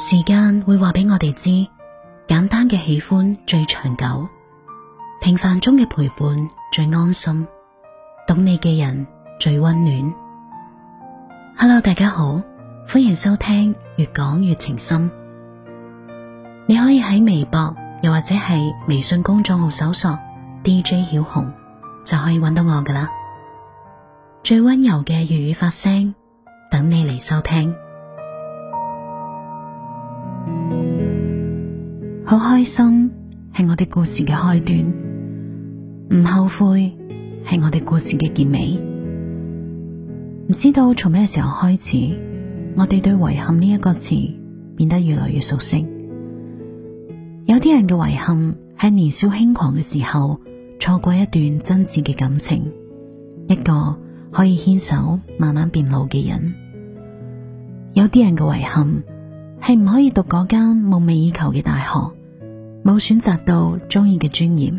時間會話俾我哋知，簡單嘅喜歡最長久，平凡中嘅陪伴最安心，懂你嘅人最溫暖。Hello，大家好，歡迎收聽越講越情深。你可以喺微博又或者係微信公眾號搜索 DJ 曉紅，就可以揾到我噶啦。最溫柔嘅粵語發聲，等你嚟收聽。好開心係我哋故事嘅開端，唔後悔係我哋故事嘅結尾。唔知道從咩時候開始，我哋對遺憾呢一個詞變得越來越熟悉。有啲人嘅遺憾係年少輕狂嘅時候錯過一段真摯嘅感情，一個可以牽手慢慢變老嘅人。有啲人嘅遺憾係唔可以讀嗰間夢寐以求嘅大學。冇選擇到中意嘅專業，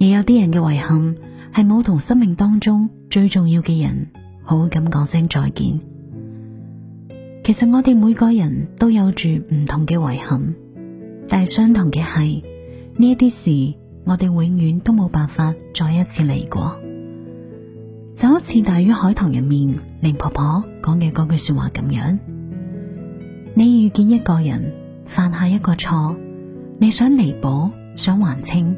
而有啲人嘅遺憾係冇同生命當中最重要嘅人好咁講聲再見。其實我哋每個人都有住唔同嘅遺憾，但係相同嘅係呢一啲事，我哋永遠都冇辦法再一次嚟過，就好似大魚海棠入面靈婆婆講嘅句說話咁樣。你遇見一個人，犯下一個錯。你想彌補，想還清，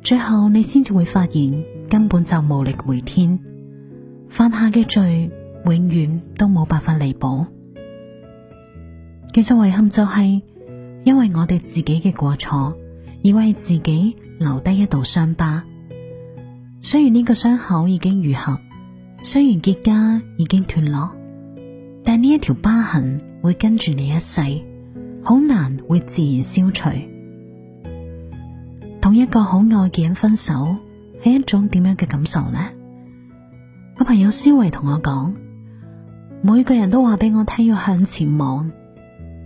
最後你先至會發現根本就無力回天，犯下嘅罪永遠都冇辦法彌補。其實遺憾就係因為我哋自己嘅過錯，而為自己留低一道傷疤。雖然呢個傷口已經癒合，雖然結痂已經斷落，但呢一條疤痕會跟住你一世。好難會自然消除。同一個好愛嘅人分手係一種點樣嘅感受呢？我朋友思維同我講，每個人都話俾我聽要向前望，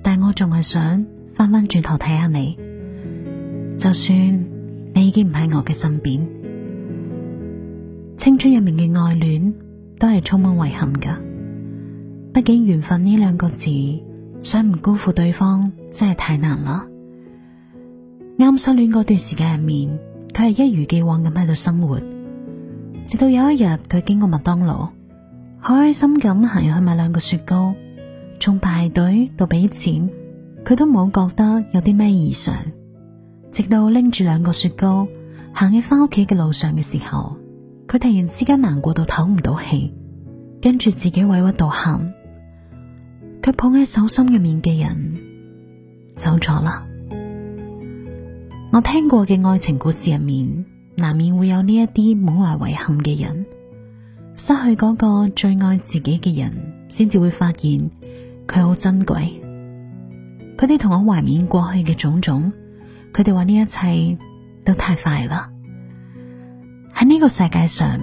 但我仲係想翻翻轉頭睇下你。就算你已經唔喺我嘅身邊，青春入面嘅愛戀都係充滿遺憾噶。畢竟緣分呢兩個字。想唔辜負對方真係太難啦！啱失戀嗰段時間入面，佢係一如既往咁喺度生活。直到有一日，佢經過麥當勞，好開心咁行入去買兩個雪糕，從排隊到俾錢，佢都冇覺得有啲咩異常。直到拎住兩個雪糕行喺翻屋企嘅路上嘅時候，佢突然之間難過到唞唔到氣，跟住自己委屈到喊。佢捧喺手心入面嘅人走咗啦。我聽過嘅愛情故事入面，難免會有呢一啲滿懷遺憾嘅人，失去嗰個最愛自己嘅人，先至會發現佢好珍貴。佢哋同我懷緬過去嘅種種，佢哋話呢一切都太快啦。喺呢個世界上，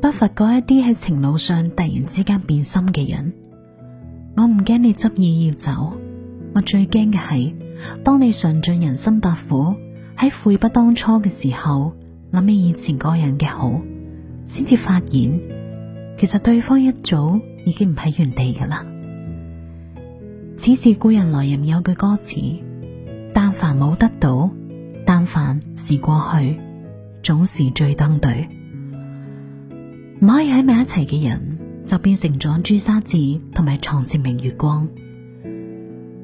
不乏嗰一啲喺情路上突然之間變心嘅人。我唔驚你執意要走，我最驚嘅係當你嘗盡人生百苦，喺悔不當初嘅時候，諗起以前個人嘅好，先至發現其實對方一早已經唔喺原地㗎喇。似是故人來人有句歌詞：但凡冇得到，但凡是過去，總是最登對，唔可以喺埋一齊嘅人。就變成咗朱砂痣，同埋床前明月光。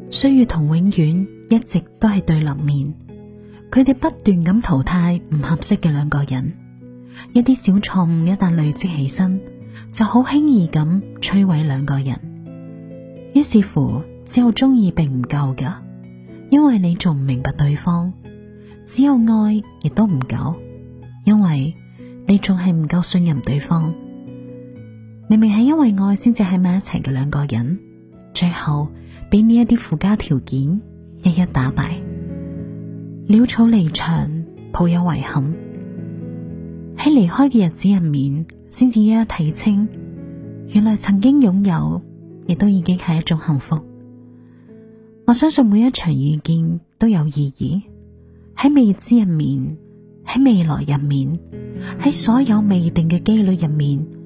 歲月同永遠一直都係對立面，佢哋不斷咁淘汰唔合適嘅兩個人。一啲小錯誤一旦累積起身，就好輕易咁摧毀兩個人。於是乎，只有中意並唔夠噶，因為你仲唔明白對方；只有愛亦都唔夠，因為你仲係唔夠信任對方。明明係因為愛先至喺埋一齊嘅兩個人，最後俾呢一啲附加條件一一打敗，潦草離場，抱有遺憾。喺離開嘅日子入面，先至一一睇清，原來曾經擁有亦都已經係一種幸福。我相信每一場遇見都有意義。喺未知入面，喺未來入面，喺所有未定嘅機率入面。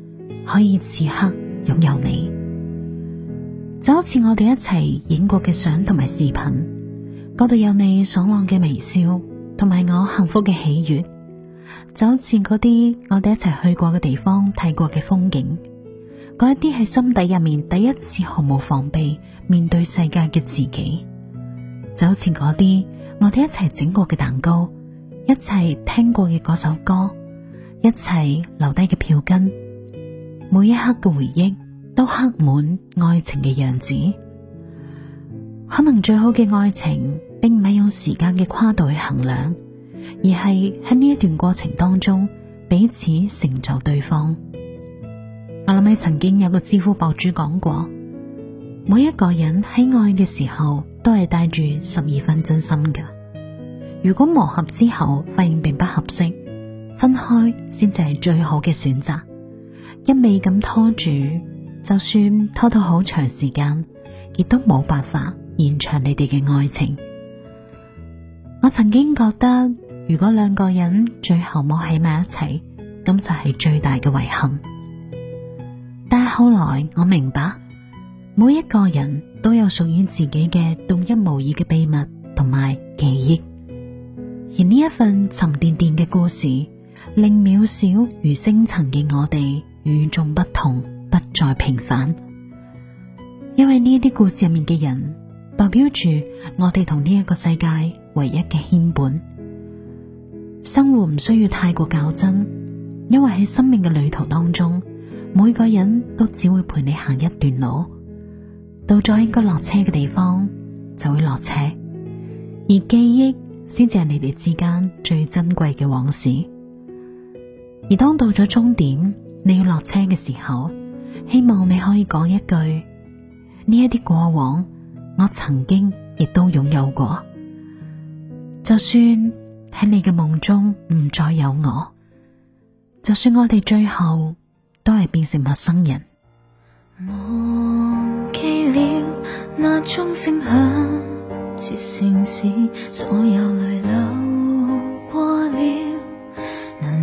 可以此刻擁有你，就好似我哋一齊影過嘅相同埋視頻，嗰度有你爽朗嘅微笑，同埋我幸福嘅喜悅。就好似嗰啲我哋一齊去過嘅地方睇過嘅風景，嗰一啲係心底入面第一次毫無防備面對世界嘅自己。就好似嗰啲我哋一齊整過嘅蛋糕，一齊聽過嘅嗰首歌，一齊留低嘅票根。每一刻嘅回憶都刻滿愛情嘅樣子，可能最好嘅愛情並唔係用時間嘅跨度去衡量，而係喺呢一段過程當中彼此成就對方。我諗起曾經有個知乎博主講過，每一個人喺愛嘅時候都係帶住十二分真心嘅，如果磨合之後發現並不合適，分開先至係最好嘅選擇。一味咁拖住，就算拖到好長時間，亦都冇辦法延長你哋嘅愛情。我曾經覺得，如果兩個人最後冇喺埋一齊，咁就係最大嘅遺憾。但係後來我明白，每一個人都有屬於自己嘅獨一無二嘅秘密同埋記憶，而呢一份沉甸甸嘅故事，令渺小如星辰嘅我哋。與眾不同，不再平凡，因為呢啲故事入面嘅人，代表住我哋同呢一個世界唯一嘅牽絆。生活唔需要太過較真，因為喺生命嘅旅途當中，每個人都只會陪你行一段路，到咗應該落車嘅地方就會落車。而記憶先至係你哋之間最珍貴嘅往事，而當到咗終點。你要落車嘅時候，希望你可以講一句：呢一啲過往，我曾經亦都擁有過。就算喺你嘅夢中唔再有我，就算我哋最後都係變成陌生人。忘記了那鐘聲響徹城市所有淚流。」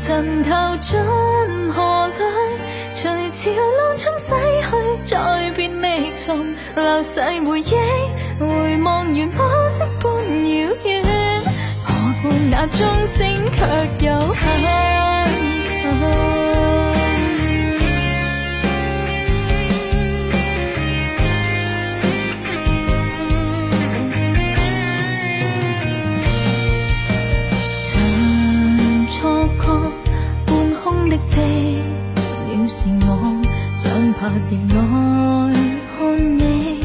塵頭進河裏，隨潮浪沖洗去，再變微塵，流逝回憶，回望如往昔般遙遠。何故那鐘聲卻有限。是我想拍翼愛看你，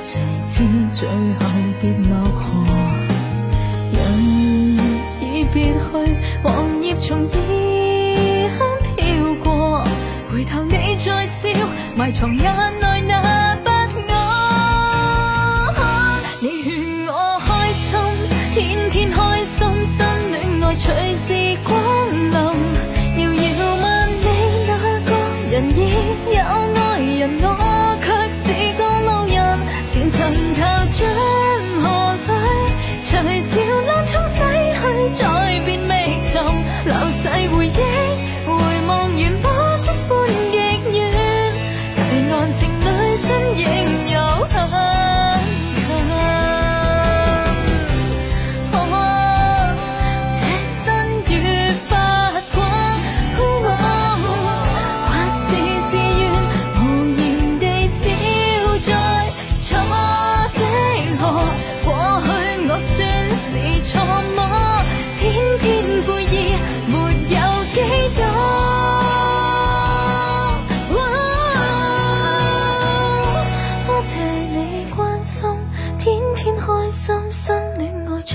誰知最後跌落河，人已別去，黃葉從異鄉飄過，回頭你在笑，埋藏眼淚。